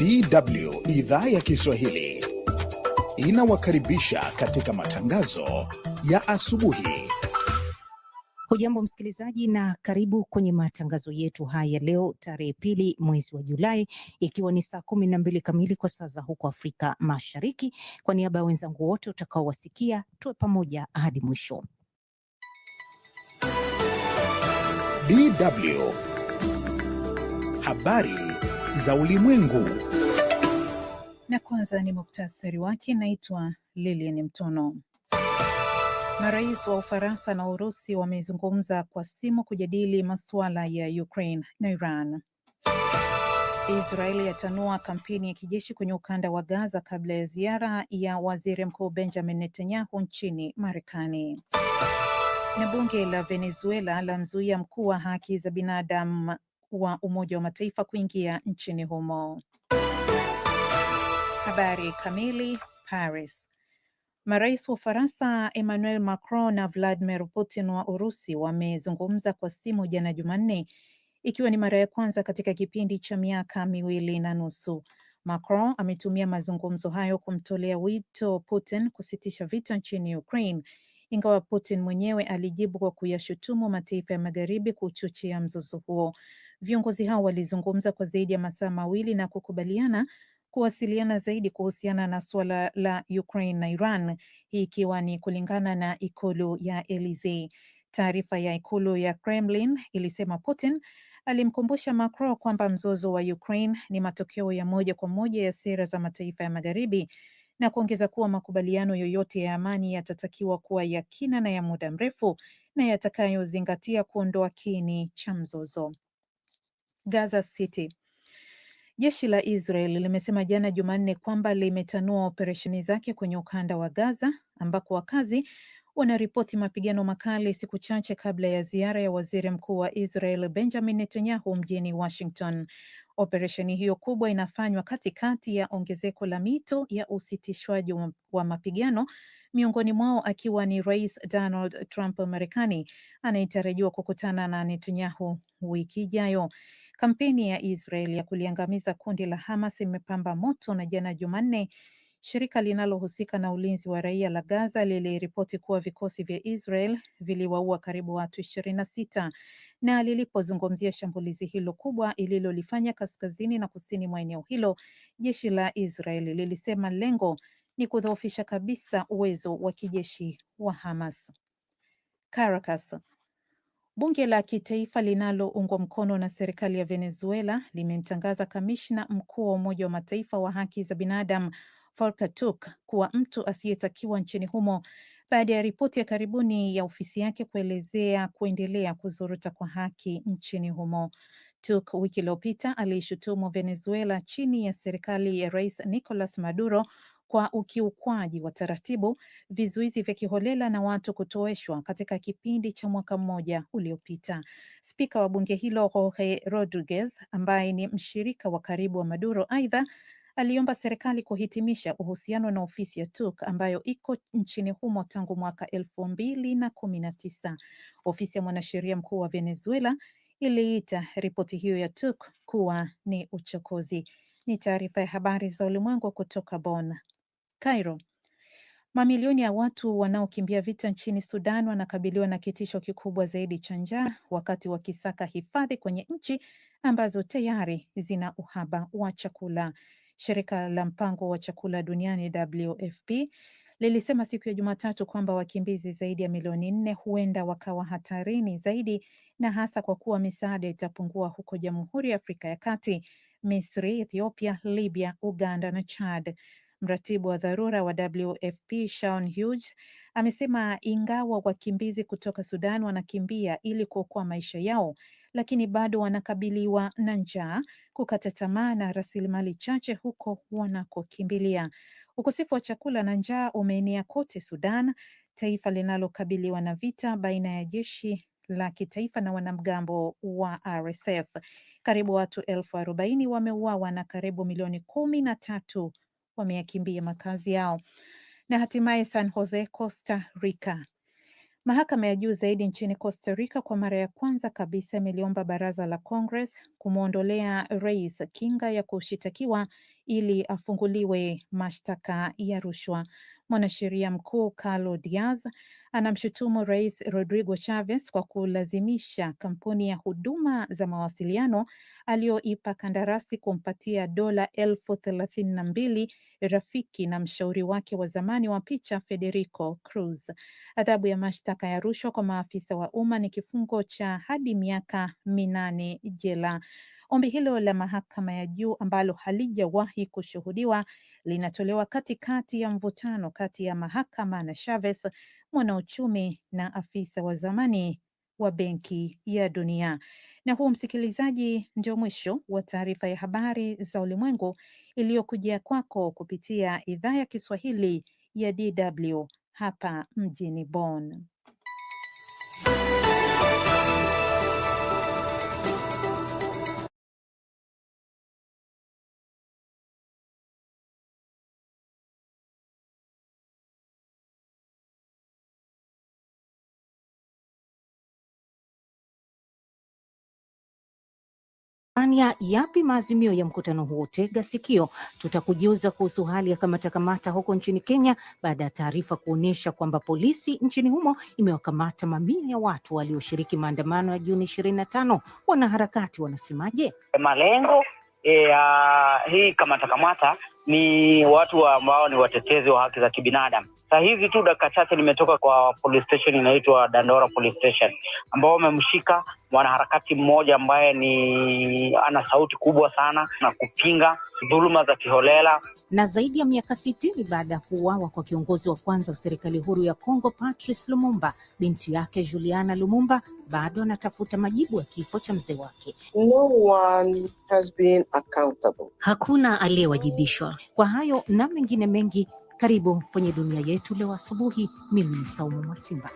DW idhaa ya Kiswahili inawakaribisha katika matangazo ya asubuhi. Hujambo msikilizaji, na karibu kwenye matangazo yetu haya leo tarehe pili mwezi wa Julai, ikiwa ni saa kumi na mbili kamili kwa saa za huko Afrika Mashariki. Kwa niaba ya wenzangu wote utakaowasikia, tuwe pamoja hadi mwisho. DW habari za ulimwengu. Na kwanza ni muktasari wake. Naitwa Lilian Mtono. Marais wa Ufaransa na Urusi wamezungumza kwa simu kujadili masuala ya Ukraine na Iran. Israeli yatanua kampeni ya kijeshi kwenye ukanda wa Gaza kabla ya ziara ya waziri mkuu Benjamin Netanyahu nchini Marekani. Na bunge la Venezuela lamzuia mkuu wa haki za binadamu wa Umoja wa Mataifa kuingia nchini humo. Habari kamili. Paris. Marais wa Ufaransa Emmanuel Macron na Vladimir Putin wa Urusi wamezungumza kwa simu jana Jumanne, ikiwa ni mara ya kwanza katika kipindi cha miaka miwili na nusu. Macron ametumia mazungumzo hayo kumtolea wito Putin kusitisha vita nchini Ukraine, ingawa Putin mwenyewe alijibu kwa kuyashutumu mataifa ya magharibi kuchochea mzozo huo. Viongozi hao walizungumza kwa zaidi ya masaa mawili na kukubaliana kuwasiliana zaidi kuhusiana na suala la Ukraine na Iran, hii ikiwa ni kulingana na ikulu ya Elysee. Taarifa ya ikulu ya Kremlin ilisema Putin alimkumbusha Macron kwamba mzozo wa Ukraine ni matokeo ya moja kwa moja ya sera za mataifa ya Magharibi na kuongeza kuwa makubaliano yoyote ya amani yatatakiwa kuwa ya kina na ya muda mrefu na yatakayozingatia kuondoa kini cha mzozo. Gaza City. Jeshi la Israel limesema jana Jumanne kwamba limetanua operesheni zake kwenye ukanda wa Gaza ambako wakazi wanaripoti mapigano makali siku chache kabla ya ziara ya waziri mkuu wa Israel Benjamin Netanyahu mjini Washington. Operesheni hiyo kubwa inafanywa katikati ya ongezeko la mito ya usitishwaji wa mapigano, miongoni mwao akiwa ni Rais Donald Trump wa Marekani anayetarajiwa kukutana na Netanyahu wiki ijayo. Kampeni ya Israel ya kuliangamiza kundi la Hamas imepamba moto na jana Jumanne shirika linalohusika na ulinzi wa raia la Gaza liliripoti kuwa vikosi vya Israel viliwaua karibu watu ishirini na sita na lilipozungumzia shambulizi hilo kubwa ililolifanya kaskazini na kusini mwa eneo hilo, jeshi la Israel lilisema lengo ni kudhoofisha kabisa uwezo wa kijeshi wa Hamas. Caracas, Bunge la kitaifa linaloungwa mkono na serikali ya Venezuela limemtangaza kamishna mkuu wa Umoja wa Mataifa wa haki za binadamu Volker Turk kuwa mtu asiyetakiwa nchini humo baada ya ripoti ya karibuni ya ofisi yake kuelezea kuendelea kuzorota kwa haki nchini humo. Turk wiki iliyopita aliishutumu Venezuela chini ya serikali ya Rais Nicolas Maduro kwa ukiukwaji wa taratibu, vizuizi vya kiholela na watu kutoeshwa katika kipindi cha mwaka mmoja uliopita. Spika wa bunge hilo Jorge Rodriguez, ambaye ni mshirika wa karibu wa Maduro, aidha aliomba serikali kuhitimisha uhusiano na ofisi ya Turk ambayo iko nchini humo tangu mwaka elfu mbili na kumi na tisa. Ofisi ya mwanasheria mkuu wa Venezuela iliita ripoti hiyo ya Turk kuwa ni uchokozi. Ni taarifa ya habari za ulimwengu kutoka Bonn. Cairo. Mamilioni ya watu wanaokimbia vita nchini Sudan wanakabiliwa na kitisho kikubwa zaidi cha njaa wakati wakisaka hifadhi kwenye nchi ambazo tayari zina uhaba wa chakula. Shirika la mpango wa chakula duniani WFP lilisema siku ya Jumatatu kwamba wakimbizi zaidi ya milioni nne huenda wakawa hatarini zaidi na hasa kwa kuwa misaada itapungua huko Jamhuri ya Afrika ya Kati, Misri, Ethiopia, Libya, Uganda na Chad. Mratibu wa dharura wa WFP Shaun Hughes amesema ingawa wakimbizi kutoka Sudan wanakimbia ili kuokoa maisha yao, lakini bado wanakabiliwa na njaa, kukata tamaa na rasilimali chache huko wanakokimbilia. Ukosefu wa chakula na njaa umeenea kote Sudan, taifa linalokabiliwa na vita baina ya jeshi la kitaifa na wanamgambo wa RSF. Karibu watu elfu arobaini wameuawa na karibu milioni kumi na tatu wameyakimbia makazi yao na hatimaye San Jose, Costa Rica. Mahakama ya juu zaidi nchini Costa Rica kwa mara ya kwanza kabisa imeliomba baraza la Congress kumwondolea rais kinga ya kushitakiwa ili afunguliwe mashtaka ya rushwa. Mwanasheria mkuu Carlo Diaz anamshutumu rais Rodrigo Chavez kwa kulazimisha kampuni ya huduma za mawasiliano aliyoipa kandarasi kumpatia dola elfu thelathini na mbili rafiki na mshauri wake wa zamani wa picha Federico Cruz. Adhabu ya mashtaka ya rushwa kwa maafisa wa umma ni kifungo cha hadi miaka minane jela. Ombi hilo la mahakama ya juu ambalo halijawahi kushuhudiwa linatolewa katikati ya mvutano kati ya mahakama na Chavez, mwanauchumi na afisa wa zamani wa Benki ya Dunia. Na huu, msikilizaji, ndio mwisho wa taarifa ya habari za ulimwengu iliyokujia kwako kupitia idhaa ya Kiswahili ya DW hapa mjini Bonn. Tanzania yapi maazimio ya mkutano huo? Tega sikio, tutakujiuza kuhusu hali ya kamatakamata huko nchini Kenya baada ya taarifa kuonyesha kwamba polisi nchini humo imewakamata mamia ya watu walioshiriki maandamano ya Juni ishirini na tano. Wanaharakati wanasemaje? malengo eh, ya e, uh, hii kamatakamata ni watu ambao wa ni watetezi wa haki za kibinadamu Saa hizi tu dakika chache nimetoka kwa police station inaitwa Dandora police station, ambao wamemshika mwanaharakati mmoja ambaye ni ana sauti kubwa sana na kupinga dhuluma za kiholela. Na zaidi ya miaka sitini baada ya kuuawa kwa kiongozi wa kwanza wa serikali huru ya Kongo Patrice Lumumba, binti yake Juliana Lumumba bado anatafuta majibu ya kifo cha mzee wake. No one has been accountable. Hakuna aliyewajibishwa kwa hayo na mengine mengi karibu kwenye dunia yetu leo asubuhi. Mimi ni Saumu Mwasimba.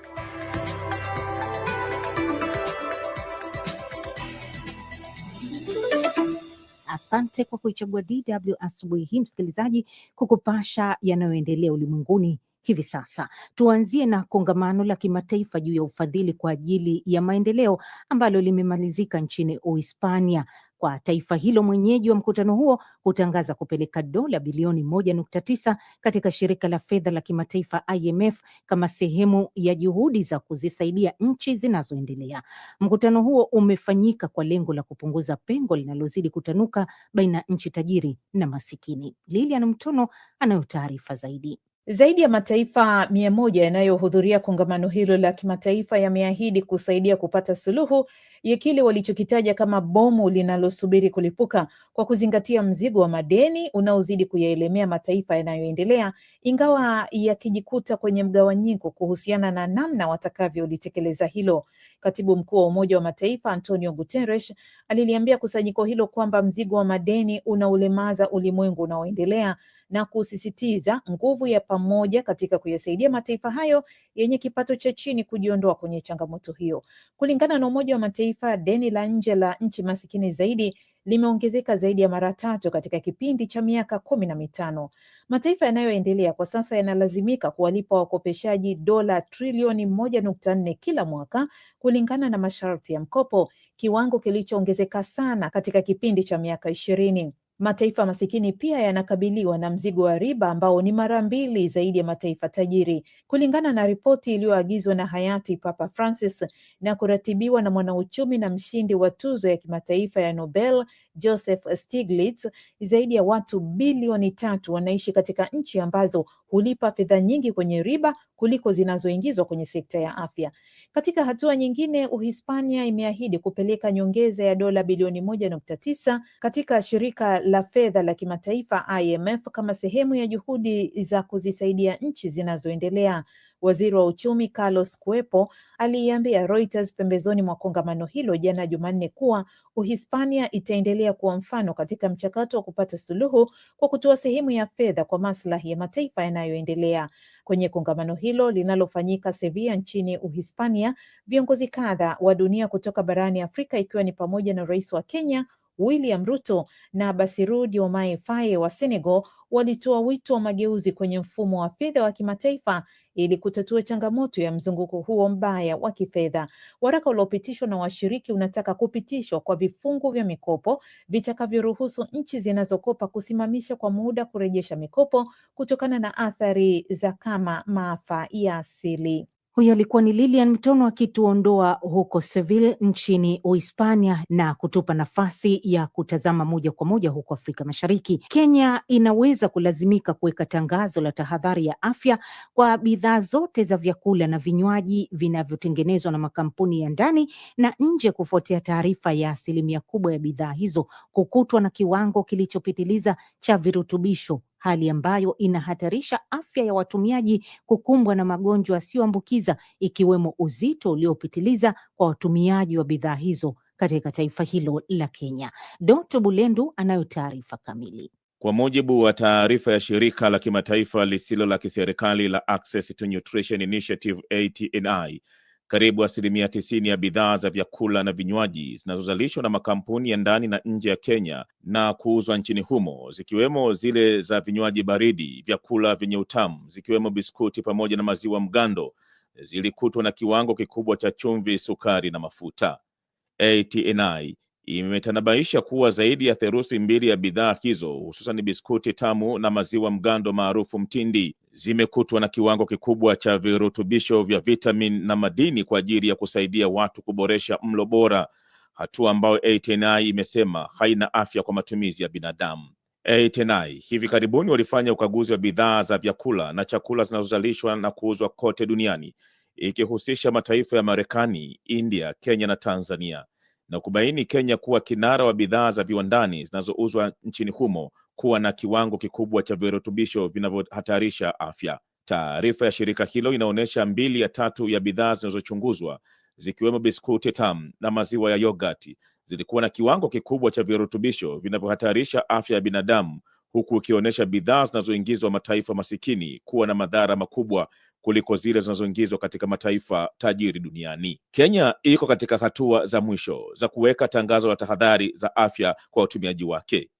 Asante kwa kuichagua DW asubuhi hii, msikilizaji, kukupasha yanayoendelea ulimwenguni hivi sasa. Tuanzie na kongamano la kimataifa juu ya ufadhili kwa ajili ya maendeleo ambalo limemalizika nchini Uhispania kwa taifa hilo mwenyeji wa mkutano huo kutangaza kupeleka dola bilioni moja nukta tisa katika shirika la fedha la kimataifa IMF kama sehemu ya juhudi za kuzisaidia nchi zinazoendelea. Mkutano huo umefanyika kwa lengo la kupunguza pengo linalozidi kutanuka baina ya nchi tajiri na masikini. Lilian Mtono anayo taarifa zaidi. Zaidi ya mataifa mia moja yanayohudhuria kongamano hilo la kimataifa yameahidi kusaidia kupata suluhu ya kile walichokitaja kama bomu linalosubiri kulipuka kwa kuzingatia mzigo wa madeni unaozidi kuyaelemea mataifa yanayoendelea, ingawa yakijikuta kwenye mgawanyiko kuhusiana na namna watakavyolitekeleza hilo. Katibu mkuu wa Umoja wa Mataifa Antonio Guterres aliliambia kusanyiko hilo kwamba mzigo wa madeni unaulemaza ulimwengu unaoendelea na kusisitiza nguvu ya pamoja katika kuyasaidia mataifa hayo yenye kipato cha chini kujiondoa kwenye changamoto hiyo. Kulingana na Umoja wa Mataifa, deni la nje la nchi masikini zaidi limeongezeka zaidi ya mara tatu katika kipindi cha miaka kumi na mitano. Mataifa yanayoendelea kwa sasa yanalazimika kuwalipa wakopeshaji dola trilioni moja nukta nne kila mwaka kulingana na masharti ya mkopo, kiwango kilichoongezeka sana katika kipindi cha miaka ishirini. Mataifa masikini pia yanakabiliwa na mzigo wa riba ambao ni mara mbili zaidi ya mataifa tajiri, kulingana na ripoti iliyoagizwa na hayati Papa Francis na kuratibiwa na mwanauchumi na mshindi wa tuzo ya kimataifa ya Nobel Joseph Stiglitz, zaidi ya watu bilioni tatu wanaishi katika nchi ambazo hulipa fedha nyingi kwenye riba kuliko zinazoingizwa kwenye sekta ya afya. Katika hatua nyingine, Uhispania imeahidi kupeleka nyongeza ya dola bilioni moja nukta tisa katika shirika la fedha la kimataifa IMF kama sehemu ya juhudi za kuzisaidia nchi zinazoendelea Waziri wa uchumi Carlos Cuepo aliiambia Reuters pembezoni mwa kongamano hilo jana Jumanne kuwa Uhispania itaendelea kuwa mfano katika mchakato wa kupata suluhu kwa kutoa sehemu ya fedha kwa maslahi ya mataifa yanayoendelea. Kwenye kongamano hilo linalofanyika Sevilla nchini Uhispania, viongozi kadha wa dunia kutoka barani Afrika ikiwa ni pamoja na rais wa Kenya William Ruto na Bassirou Diomaye Faye wa Senegal walitoa wito wa mageuzi kwenye mfumo wa fedha wa kimataifa ili kutatua changamoto ya mzunguko huo mbaya wa kifedha. Waraka uliopitishwa na washiriki unataka kupitishwa kwa vifungu vya mikopo vitakavyoruhusu nchi zinazokopa kusimamisha kwa muda kurejesha mikopo kutokana na athari za kama maafa ya asili. Huyo alikuwa ni Lilian Mtono akituondoa huko Seville nchini Uhispania na kutupa nafasi ya kutazama moja kwa moja huko Afrika Mashariki. Kenya inaweza kulazimika kuweka tangazo la tahadhari ya afya kwa bidhaa zote za vyakula na vinywaji vinavyotengenezwa na makampuni ya ndani na nje, kufuatia taarifa ya asilimia kubwa ya bidhaa hizo kukutwa na kiwango kilichopitiliza cha virutubisho hali ambayo inahatarisha afya ya watumiaji kukumbwa na magonjwa yasiyoambukiza ikiwemo uzito uliopitiliza kwa watumiaji wa bidhaa hizo katika taifa hilo la Kenya. Dkt. Bulendu anayo taarifa kamili. Kwa mujibu wa taarifa ya shirika la kimataifa lisilo la kiserikali la Access to Nutrition Initiative ATNI, karibu asilimia tisini ya bidhaa za vyakula na vinywaji zinazozalishwa na makampuni ya ndani na nje ya Kenya na kuuzwa nchini humo, zikiwemo zile za vinywaji baridi, vyakula vyenye utamu, zikiwemo biskuti pamoja na maziwa mgando, zilikutwa na kiwango kikubwa cha chumvi, sukari na mafuta. ATNI imetanabaisha kuwa zaidi ya therusi mbili ya bidhaa hizo hususan biskuti tamu na maziwa mgando maarufu mtindi zimekutwa na kiwango kikubwa cha virutubisho vya vitamin na madini kwa ajili ya kusaidia watu kuboresha mlo bora, hatua ambayo ATNI imesema haina afya kwa matumizi ya binadamu. ATNI hivi karibuni walifanya ukaguzi wa bidhaa za vyakula na chakula zinazozalishwa na kuuzwa kote duniani ikihusisha mataifa ya Marekani, India, Kenya na Tanzania na kubaini Kenya kuwa kinara wa bidhaa za viwandani zinazouzwa nchini humo kuwa na kiwango kikubwa cha virutubisho vinavyohatarisha afya. Taarifa ya shirika hilo inaonyesha mbili ya tatu ya bidhaa zinazochunguzwa zikiwemo biskuti tamu na maziwa ya yogati zilikuwa na kiwango kikubwa cha virutubisho vinavyohatarisha afya ya binadamu huku ikionyesha bidhaa zinazoingizwa mataifa masikini kuwa na madhara makubwa kuliko zile zinazoingizwa katika mataifa tajiri duniani. Kenya iko katika hatua za mwisho za kuweka tangazo la tahadhari za afya kwa watumiaji wake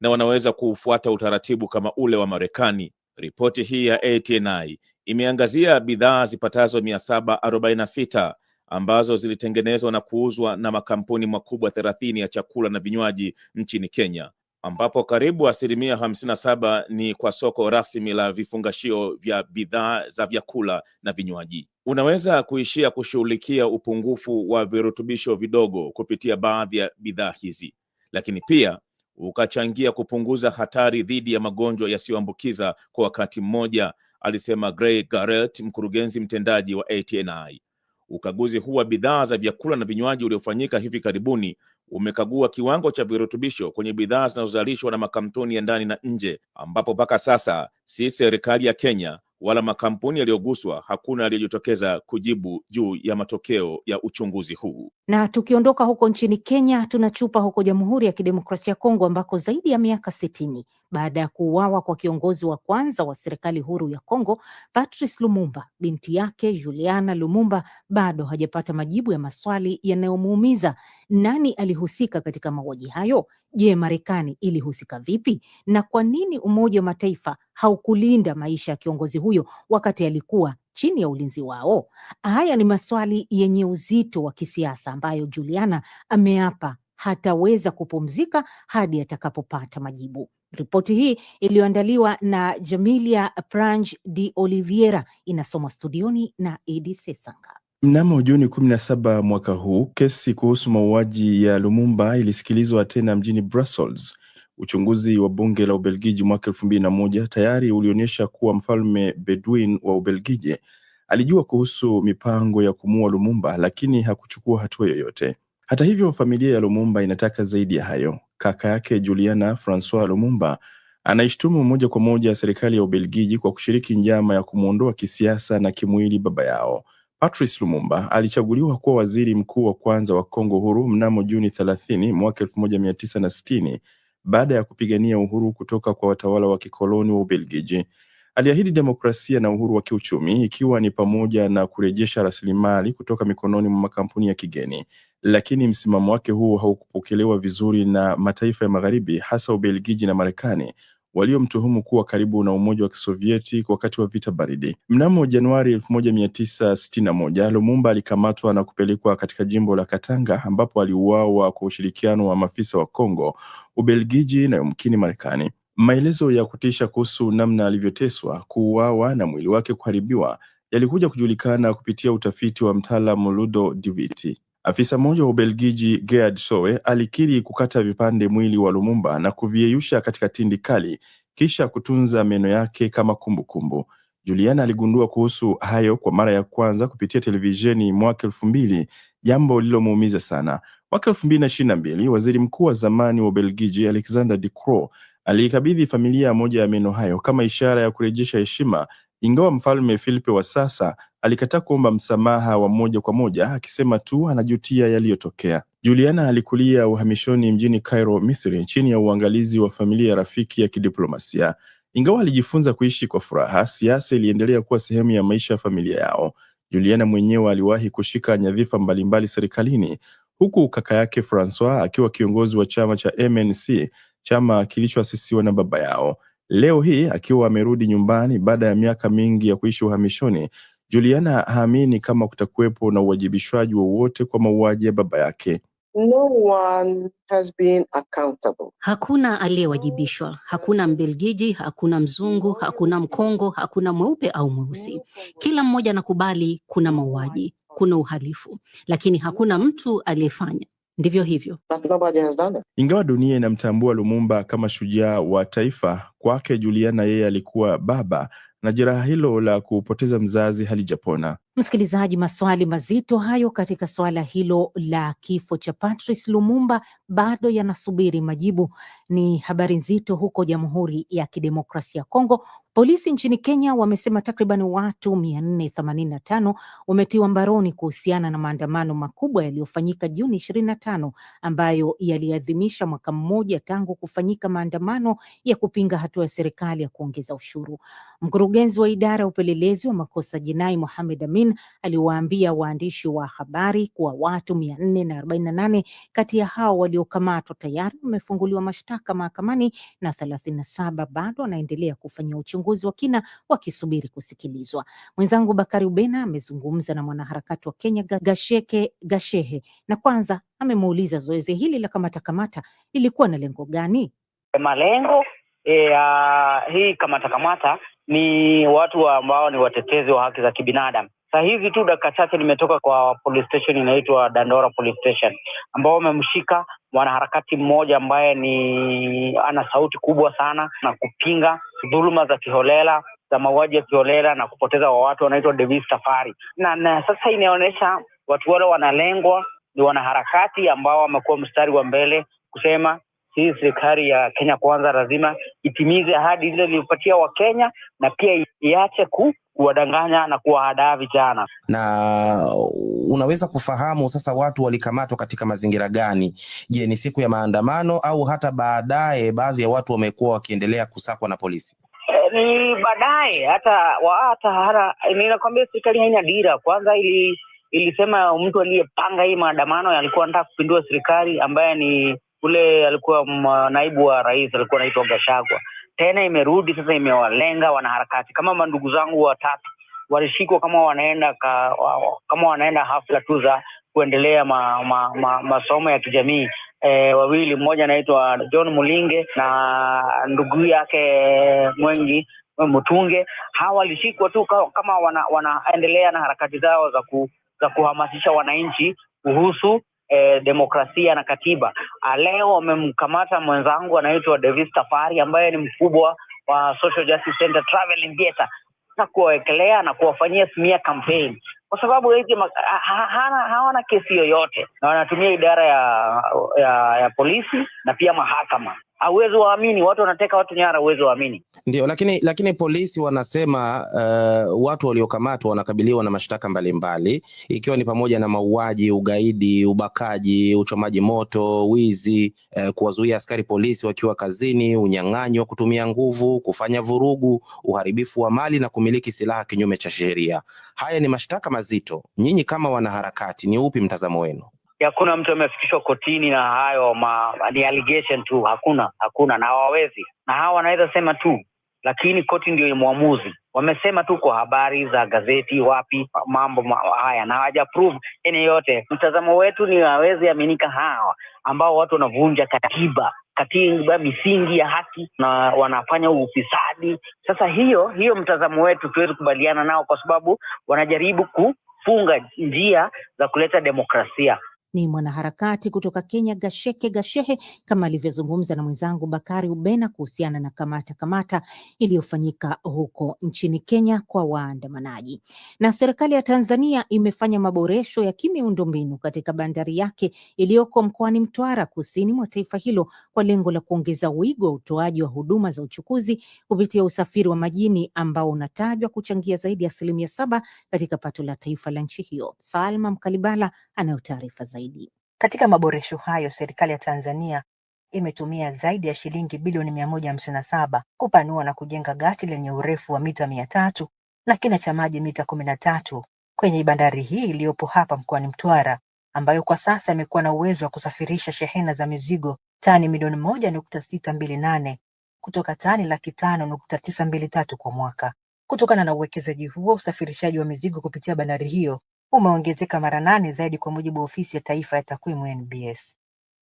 na wanaweza kuufuata utaratibu kama ule wa Marekani. Ripoti hii ya ATNI imeangazia bidhaa zipatazo mia saba arobaini na sita ambazo zilitengenezwa na kuuzwa na makampuni makubwa thelathini ya chakula na vinywaji nchini Kenya ambapo karibu asilimia hamsini na saba ni kwa soko rasmi la vifungashio vya bidhaa za vyakula na vinywaji. Unaweza kuishia kushughulikia upungufu wa virutubisho vidogo kupitia baadhi ya bidhaa hizi, lakini pia ukachangia kupunguza hatari dhidi ya magonjwa yasiyoambukiza kwa wakati mmoja, alisema Grey Garrett, mkurugenzi mtendaji wa ATNI. Ukaguzi huu wa bidhaa za vyakula na vinywaji uliofanyika hivi karibuni umekagua kiwango cha virutubisho kwenye bidhaa zinazozalishwa na makampuni ya ndani na nje, ambapo mpaka sasa si serikali ya Kenya wala makampuni yaliyoguswa hakuna aliyejitokeza kujibu juu ya matokeo ya uchunguzi huu. Na tukiondoka huko nchini Kenya, tunachupa huko Jamhuri ya Kidemokrasia ya Kongo ambako zaidi ya miaka sitini baada ya kuuawa kwa kiongozi wa kwanza wa serikali huru ya Kongo, Patrice Lumumba. Binti yake Juliana Lumumba bado hajapata majibu ya maswali yanayomuumiza: nani alihusika katika mauaji hayo? Je, Marekani ilihusika vipi? Na kwa nini Umoja wa Mataifa haukulinda maisha ya kiongozi huyo wakati alikuwa chini ya ulinzi wao? Haya ni maswali yenye uzito wa kisiasa ambayo Juliana ameapa hataweza kupumzika hadi atakapopata majibu. Ripoti hii iliyoandaliwa na Jamilia Pranj de Oliveira inasomwa studioni na Idi Sesanga. Mnamo Juni 17 mwaka huu, kesi kuhusu mauaji ya Lumumba ilisikilizwa tena mjini Brussels. Uchunguzi wa bunge la Ubelgiji mwaka elfu mbili moja tayari ulionyesha kuwa mfalme Bedwin wa Ubelgiji alijua kuhusu mipango ya kumua Lumumba, lakini hakuchukua hatua yoyote. Hata hivyo, familia ya Lumumba inataka zaidi ya hayo kaka yake Juliana Francois Lumumba anaishtumu moja kwa moja serikali ya Ubelgiji kwa kushiriki njama ya kumwondoa kisiasa na kimwili baba yao. Patrice Lumumba alichaguliwa kuwa waziri mkuu wa kwanza wa Kongo huru mnamo Juni 30 mwaka 1960 baada ya kupigania uhuru kutoka kwa watawala wa kikoloni wa Ubelgiji. Aliahidi demokrasia na uhuru wa kiuchumi ikiwa ni pamoja na kurejesha rasilimali kutoka mikononi mwa makampuni ya kigeni lakini msimamo wake huu haukupokelewa vizuri na mataifa ya Magharibi, hasa Ubelgiji na Marekani waliomtuhumu kuwa karibu na Umoja wa Kisovieti wakati wa vita baridi. Mnamo Januari 1961 Lumumba alikamatwa na kupelekwa katika jimbo la Katanga ambapo aliuawa kwa ushirikiano wa maafisa wa Kongo, Ubelgiji na yumkini Marekani. Maelezo ya kutisha kuhusu namna alivyoteswa, kuuawa na mwili wake kuharibiwa yalikuja kujulikana kupitia utafiti wa mtaalamu Ludo Diviti. Afisa mmoja wa Ubelgiji Gerard Soe, alikiri kukata vipande mwili wa Lumumba na kuviyeyusha katika tindi kali kisha kutunza meno yake kama kumbukumbu kumbu. Juliana aligundua kuhusu hayo kwa mara ya kwanza kupitia televisheni mwaka elfu mbili, jambo lililomuumiza sana. Mwaka elfu mbili na ishirini na mbili, waziri mkuu wa zamani wa Ubelgiji Alexander De Croo aliikabidhi familia moja ya meno hayo kama ishara ya kurejesha heshima, ingawa mfalme Filipe wa sasa alikataa kuomba msamaha wa moja kwa moja akisema tu anajutia yaliyotokea. Juliana alikulia uhamishoni mjini Cairo, Misri, chini ya uangalizi wa familia rafiki ya kidiplomasia. Ingawa alijifunza kuishi kwa furaha, siasa iliendelea kuwa sehemu ya maisha ya familia yao. Juliana mwenyewe aliwahi kushika nyadhifa mbalimbali serikalini, huku kaka yake Francois akiwa kiongozi wa chama cha MNC, chama kilichoasisiwa na baba yao. Leo hii akiwa amerudi nyumbani baada ya miaka mingi ya kuishi uhamishoni, Juliana haamini kama kutakuwepo na uwajibishwaji wowote kwa mauaji ya baba yake. No one has been accountable. Hakuna aliyewajibishwa, hakuna Mbelgiji, hakuna mzungu, hakuna Mkongo, hakuna mweupe au mweusi. Kila mmoja anakubali kuna mauaji, kuna uhalifu, lakini hakuna mtu aliyefanya ndivyo hivyo. Ingawa dunia inamtambua Lumumba kama shujaa wa taifa, kwake Juliana yeye alikuwa baba na jeraha hilo la kupoteza mzazi halijapona. Msikilizaji, maswali mazito hayo katika suala hilo la kifo cha Patrice Lumumba bado yanasubiri majibu. Ni habari nzito huko Jamhuri ya Kidemokrasia ya Kongo. Polisi nchini Kenya wamesema takriban watu mia nne themanini na tano wametiwa mbaroni kuhusiana na maandamano makubwa yaliyofanyika Juni ishirini na tano ambayo yaliadhimisha mwaka mmoja tangu kufanyika maandamano ya kupinga hatua ya serikali ya kuongeza ushuru Mkuru Mkurugenzi wa idara ya upelelezi wa makosa jinai Mohamed Amin aliwaambia waandishi wa habari kuwa watu mia nne na arobaini na nane kati ya hao waliokamatwa tayari wamefunguliwa mashtaka mahakamani na thelathini na saba bado wanaendelea kufanya uchunguzi wa kina wakisubiri kusikilizwa. Mwenzangu Bakari Ubena amezungumza na mwanaharakati wa Kenya Gasheke Gashehe na kwanza amemuuliza zoezi hili la kamatakamata lilikuwa na lengo gani? Malengo eh, ya hii kamatakamata ni watu ambao ni watetezi wa haki za kibinadamu. sa hivi tu dakika chache nimetoka kwa police station inaitwa Dandora Police Station, ambao wamemshika mwanaharakati mmoja ambaye ni ana sauti kubwa sana na kupinga dhuluma za kiholela za mauaji ya kiholela na kupoteza wa watu wanaitwa Davis Safari na, na sasa inaonyesha watu wale wanalengwa ni wanaharakati ambao wamekuwa mstari wa mbele kusema hii serikali ya Kenya Kwanza lazima itimize ahadi zile iliyopatia Wakenya na pia iache ku kuwadanganya na kuwahadaa vijana. Na unaweza kufahamu sasa watu walikamatwa katika mazingira gani? Je, ni siku ya maandamano au hata baadaye baadhi ya watu wamekuwa wakiendelea kusakwa na polisi? E, ni baadaye hata hata ninakwambia, serikali haina dira. Kwanza ili ilisema mtu aliyepanga hii maandamano alikuwa anataka kupindua serikali ambaye ni kule alikuwa naibu wa rais alikuwa anaitwa Gashagwa, tena imerudi sasa, imewalenga wanaharakati. Kama mandugu zangu watatu walishikwa kama wanaenda ka, kama wanaenda hafla tu za kuendelea masomo ma, ma, masomo ya kijamii e, wawili, mmoja anaitwa John Mulinge na ndugu yake Mwengi Mutunge. Hawa walishikwa tu kama wana, wanaendelea na harakati zao za, ku, za kuhamasisha wananchi kuhusu eh, demokrasia na katiba. Ah, leo wamemkamata mwenzangu anaitwa Davis Tafari ambaye ni mkubwa wa Social Justice Center Traveling na kuwawekelea na kuwafanyia simia campaign kwa sababu hizi ah, hawana kesi yoyote, na wanatumia idara ya, ya, ya polisi na pia mahakama Hauwezi waamini, watu wanateka watu nyara, huwezi waamini. Ndio, lakini lakini polisi wanasema uh, watu waliokamatwa wanakabiliwa na mashtaka mbalimbali, ikiwa ni pamoja na mauaji, ugaidi, ubakaji, uchomaji moto, wizi, uh, kuwazuia askari polisi wakiwa kazini, unyang'anyi wa kutumia nguvu, kufanya vurugu, uharibifu wa mali na kumiliki silaha kinyume cha sheria. Haya ni mashtaka mazito. Nyinyi kama wanaharakati, ni upi mtazamo wenu? hakuna mtu amefikishwa kotini na hayo ma, ni allegation tu, hakuna hakuna, na hawawezi na hawa wanaweza sema tu, lakini koti ndio mwamuzi. Wamesema tu kwa habari za gazeti, wapi mambo ma, haya, na hawaja prove ene yote. Mtazamo wetu ni wawezi aminika hawa ambao watu wanavunja katiba katiba misingi ya haki na wanafanya ufisadi. Sasa hiyo hiyo mtazamo wetu tuwezi kubaliana nao, kwa sababu wanajaribu kufunga njia za kuleta demokrasia ni mwanaharakati kutoka Kenya, Gasheke Gashehe, kama alivyozungumza na mwenzangu Bakari Ubena kuhusiana na kamata kamata iliyofanyika huko nchini Kenya kwa waandamanaji. Na serikali ya Tanzania imefanya maboresho ya kimiundombinu katika bandari yake iliyoko mkoani Mtwara, kusini mwa taifa hilo, kwa lengo la kuongeza wigo wa utoaji wa huduma za uchukuzi kupitia usafiri wa majini ambao unatajwa kuchangia zaidi ya asilimia saba katika pato la taifa la nchi hiyo. Salma Mkalibala anayo taarifa zaidi zaidi. Katika maboresho hayo, serikali ya Tanzania imetumia zaidi ya shilingi bilioni mia moja hamsini na saba kupanua na kujenga gati lenye urefu wa mita mia tatu na kina cha maji mita kumi na tatu kwenye bandari hii iliyopo hapa mkoani Mtwara ambayo kwa sasa imekuwa na uwezo wa kusafirisha shehena za mizigo tani milioni moja nukta sita mbili nane kutoka tani laki tano nukta tisa mbili tatu kwa mwaka. Kutokana na uwekezaji huo, usafirishaji wa mizigo kupitia bandari hiyo umeongezeka mara nane zaidi kwa mujibu wa Ofisi ya Taifa ya Takwimu NBS.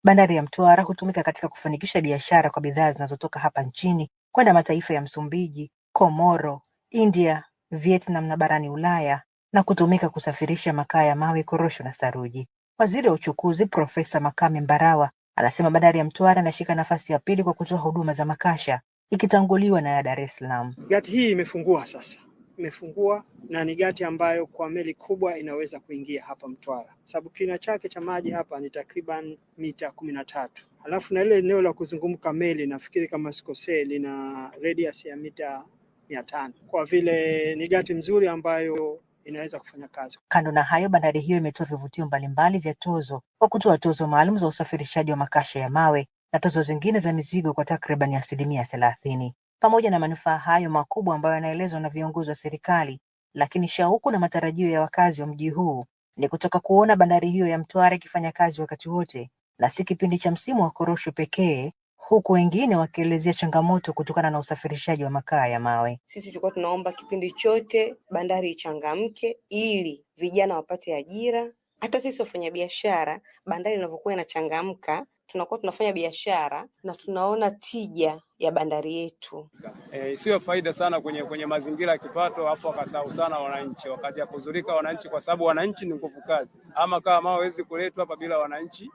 Bandari ya Mtwara hutumika katika kufanikisha biashara kwa bidhaa zinazotoka hapa nchini kwenda mataifa ya Msumbiji, Komoro, India, Vietnam na barani Ulaya na kutumika kusafirisha makaa ya mawe, korosho na saruji. Waziri wa Uchukuzi Profesa Makame Mbarawa anasema bandari ya Mtwara inashika nafasi ya pili kwa kutoa huduma za makasha ikitanguliwa na ya Dar es Salaam. Gati hii imefungua sasa imefungua na ni gati ambayo kwa meli kubwa inaweza kuingia hapa Mtwara, sababu kina chake cha maji hapa ni takriban mita kumi na tatu. Alafu na ile eneo la kuzungumka meli nafikiri kama sikosee, lina radius ya mita mia tano. Kwa vile ni gati mzuri ambayo inaweza kufanya kazi. Kando na hayo, bandari hiyo imetoa vivutio mbalimbali vya tozo kwa kutoa tozo maalum za usafirishaji wa makasha ya mawe na tozo zingine za mizigo kwa takriban asilimia thelathini pamoja na manufaa hayo makubwa ambayo yanaelezwa na viongozi wa serikali, lakini shauku na matarajio ya wakazi wa mji huu ni kutoka kuona bandari hiyo ya Mtwara ikifanya kazi wakati wote na si kipindi cha msimu wa korosho pekee, huku wengine wakielezea changamoto kutokana na usafirishaji wa makaa ya mawe. Sisi tulikuwa tunaomba kipindi chote bandari ichangamke ili vijana wapate ajira. Hata sisi wafanyabiashara, bandari inavyokuwa inachangamka tunakuwa tunafanya biashara na tunaona tija ya bandari yetu e, isiyo faida sana kwenye kwenye mazingira ya kipato, afu wakasahau sana wananchi, wakaja kuzulika wananchi, kwa sababu wananchi ni nguvu kazi, ama kama hawezi kuletwa hapa bila wananchi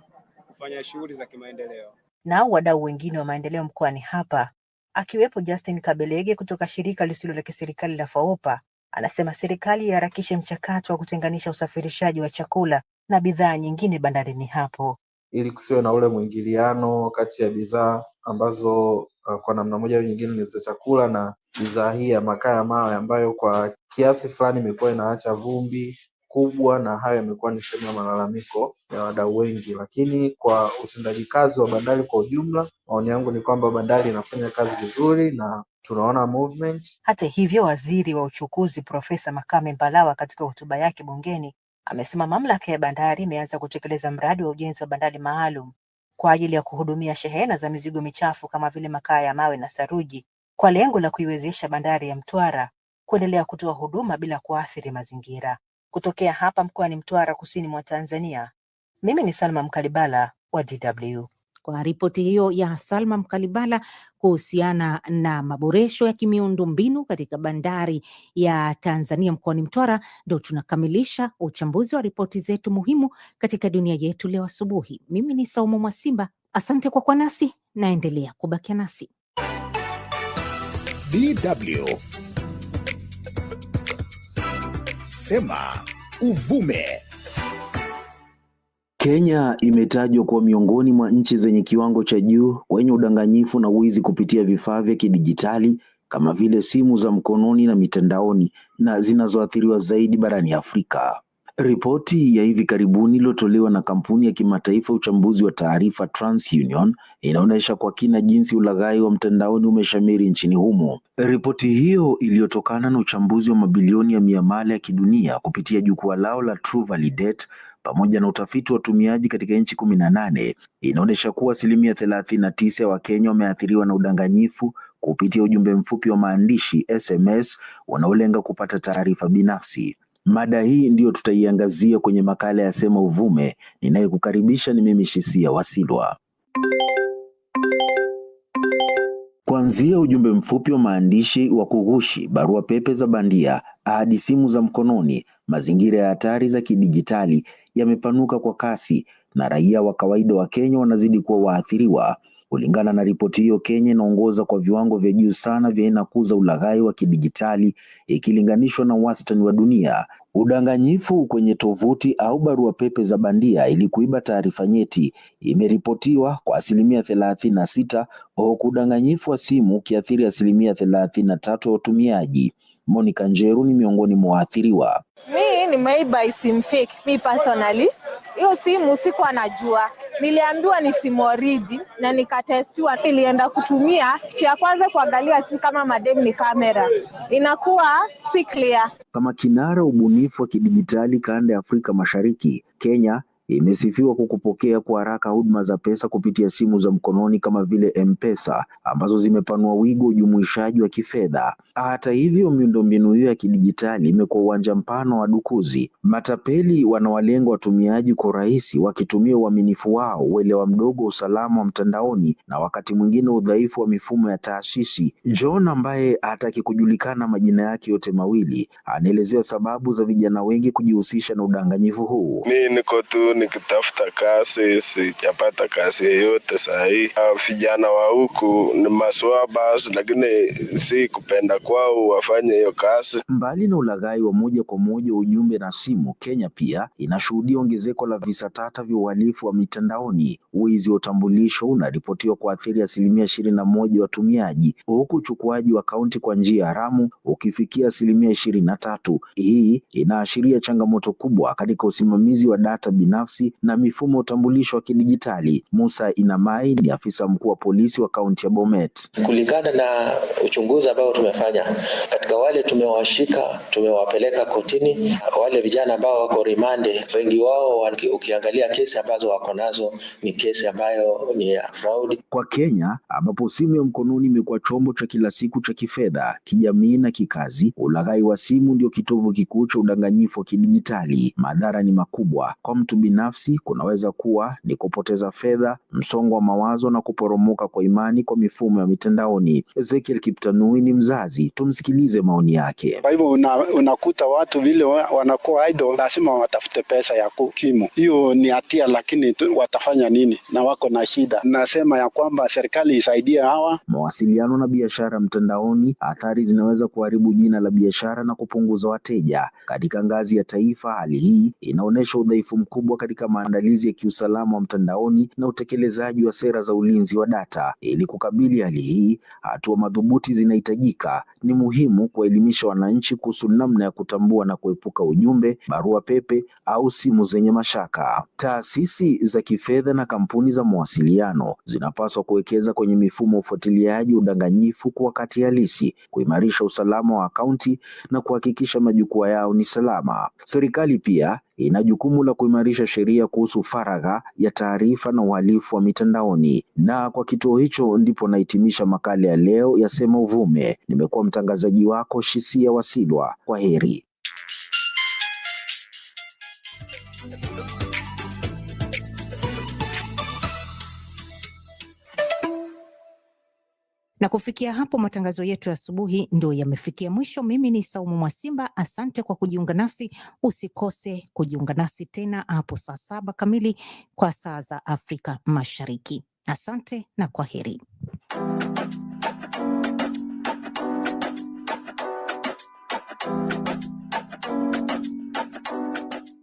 kufanya shughuli za kimaendeleo. Nao wadau wengine wa maendeleo mkoani hapa akiwepo Justin Kabelege kutoka shirika lisilo la kiserikali la FAOPA anasema serikali iharakishe mchakato wa kutenganisha usafirishaji wa chakula na bidhaa nyingine bandarini hapo ili kusiwe na ule mwingiliano kati ya bidhaa ambazo uh, kwa namna moja au nyingine ni za chakula na bidhaa hii ya makaa ya mawe ambayo kwa kiasi fulani imekuwa inaacha vumbi kubwa, na hayo yamekuwa ni sehemu ya malalamiko ya wadau wengi. Lakini kwa utendaji kazi wa bandari kwa ujumla, maoni yangu ni kwamba bandari inafanya kazi vizuri na tunaona movement. Hata hivyo, waziri wa uchukuzi Profesa Makame mbalawa katika hotuba yake bungeni amesema mamlaka ya bandari imeanza kutekeleza mradi wa ujenzi wa bandari maalum kwa ajili ya kuhudumia shehena za mizigo michafu kama vile makaa ya mawe na saruji kwa lengo la kuiwezesha bandari ya Mtwara kuendelea kutoa huduma bila kuathiri mazingira. Kutokea hapa mkoani Mtwara, kusini mwa Tanzania, mimi ni Salma Mkalibala wa DW kwa ripoti hiyo ya Salma Mkalibala kuhusiana na maboresho ya kimiundombinu katika bandari ya Tanzania mkoani Mtwara, ndo tunakamilisha uchambuzi wa ripoti zetu muhimu katika dunia yetu leo asubuhi. Mimi ni Saumu Mwasimba, asante kwa kwa nasi naendelea kubakia nasi. DW Sema Uvume. Kenya imetajwa kuwa miongoni mwa nchi zenye kiwango cha juu kwenye udanganyifu na wizi kupitia vifaa vya kidijitali kama vile simu za mkononi na mitandaoni na zinazoathiriwa zaidi barani Afrika. Ripoti ya hivi karibuni iliyotolewa na kampuni ya kimataifa uchambuzi wa taarifa TransUnion inaonyesha kwa kina jinsi ulaghai wa mtandaoni umeshamiri nchini humo. Ripoti hiyo iliyotokana na uchambuzi wa mabilioni ya miamala ya kidunia kupitia jukwaa lao la True Validate pamoja na utafiti wa utumiaji katika nchi kumi na nane inaonyesha kuwa asilimia thelathini na tisa ya Wakenya wameathiriwa na udanganyifu kupitia ujumbe mfupi wa maandishi SMS wanaolenga kupata taarifa binafsi. Mada hii ndiyo tutaiangazia kwenye makala ya Sema Uvume. Ninayekukaribisha ni mimi Shisia Wasilwa. Kuanzia ujumbe mfupi wa maandishi wa kughushi, barua pepe za bandia, hadi simu za mkononi, mazingira ya hatari za kidijitali yamepanuka kwa kasi na raia wa kawaida wa Kenya wanazidi kuwa waathiriwa. Kulingana na ripoti hiyo, Kenya inaongoza kwa viwango vya juu sana vya aina kuu za ulaghai wa kidijitali ikilinganishwa na wastani wa dunia. Udanganyifu kwenye tovuti au barua pepe za bandia ili kuiba taarifa nyeti imeripotiwa kwa asilimia thelathini na sita huku udanganyifu wa simu ukiathiri asilimia thelathini na tatu ya watumiaji. Monica Njeru ni miongoni mwa waathiriwa. Mi nimeiba fake, mi personally hiyo simu siku anajua niliambiwa ni nisimoridi na nikatestiwa. Nilienda kutumia kitu ya kwanza kuangalia, si kama madem ni kamera, inakuwa si clear. Kama kinara ubunifu wa kidijitali kanda ya Afrika Mashariki, Kenya imesifiwa kwa kupokea kwa haraka huduma za pesa kupitia simu za mkononi kama vile M-Pesa ambazo zimepanua wigo ujumuishaji wa kifedha. Hata hivyo, miundombinu hiyo ya kidijitali imekuwa uwanja mpana wa dukuzi. Matapeli wanawalenga watumiaji kwa urahisi, wakitumia uaminifu wao, uelewa mdogo wa usalama wa mtandaoni na wakati mwingine udhaifu wa mifumo ya taasisi. John ambaye hataki kujulikana majina yake yote mawili anaelezea sababu za vijana wengi kujihusisha na udanganyifu huu. Mimi niko tu nikitafuta kazi, sijapata kazi yeyote sahii. Ah, vijana wa huku ni maswaba, lakini si kupenda kwao wafanye hiyo kazi. Mbali na ulaghai wa moja kwa moja, ujumbe na simu, Kenya pia inashuhudia ongezeko la visa tata vya uhalifu wa mitandaoni. Wizi wa utambulisho unaripotiwa kuathiri asilimia ishirini na moja watumiaji, huku uchukuaji wa kaunti kwa njia haramu ukifikia asilimia ishirini na tatu. Hii inaashiria changamoto kubwa katika usimamizi wa data binafsi binafsi na mifumo ya utambulisho wa kidijitali. Musa Inamai ni afisa mkuu wa polisi wa kaunti ya Bomet. Kulingana na uchunguzi ambao tumefanya katika wale tumewashika, tumewapeleka kotini, wale vijana ambao wako rimande, wengi wao ukiangalia kesi ambazo wako nazo ni kesi ambayo ni ya fraud. Kwa Kenya ambapo simu ya mkononi imekuwa chombo cha kila siku cha kifedha, kijamii na kikazi, ulaghai wa simu ndio kitovu kikuu cha udanganyifu wa kidijitali. Madhara ni makubwa kwa mtu binafsi kunaweza kuwa ni kupoteza fedha, msongo wa mawazo na kuporomoka kwa imani kwa mifumo ya mitandaoni. Ezekiel Kiptanui ni mzazi, tumsikilize maoni yake. Kwa hivyo una, unakuta watu vile wanakuwa idol, lazima watafute pesa ya kukimu. Hiyo ni hatia, lakini tu, watafanya nini? Na wako na shida. Nasema ya kwamba serikali isaidie hawa. Mawasiliano na biashara mtandaoni, athari zinaweza kuharibu jina la biashara na kupunguza wateja katika ngazi ya taifa. Hali hii inaonyesha udhaifu mkubwa katika maandalizi ya kiusalama wa mtandaoni na utekelezaji wa sera za ulinzi wa data. Ili kukabili hali hii, hatua madhubuti zinahitajika. Ni muhimu kuwaelimisha wananchi kuhusu namna ya kutambua na kuepuka ujumbe, barua pepe au simu zenye mashaka. Taasisi za kifedha na kampuni za mawasiliano zinapaswa kuwekeza kwenye mifumo ya ufuatiliaji udanganyifu kwa wakati halisi, kuimarisha usalama wa akaunti na kuhakikisha majukwaa yao ni salama. Serikali pia ina jukumu la kuimarisha sheria kuhusu faragha ya taarifa na uhalifu wa mitandaoni. Na kwa kituo hicho ndipo nahitimisha makala ya leo yasema Uvume. Nimekuwa mtangazaji wako Shisia Wasilwa. Kwa heri. Na kufikia hapo matangazo yetu asubuhi ndio yamefikia mwisho. Mimi ni Saumu Mwasimba, asante kwa kujiunga nasi. Usikose kujiunga nasi tena hapo saa saba kamili kwa saa za Afrika Mashariki. Asante na kwa heri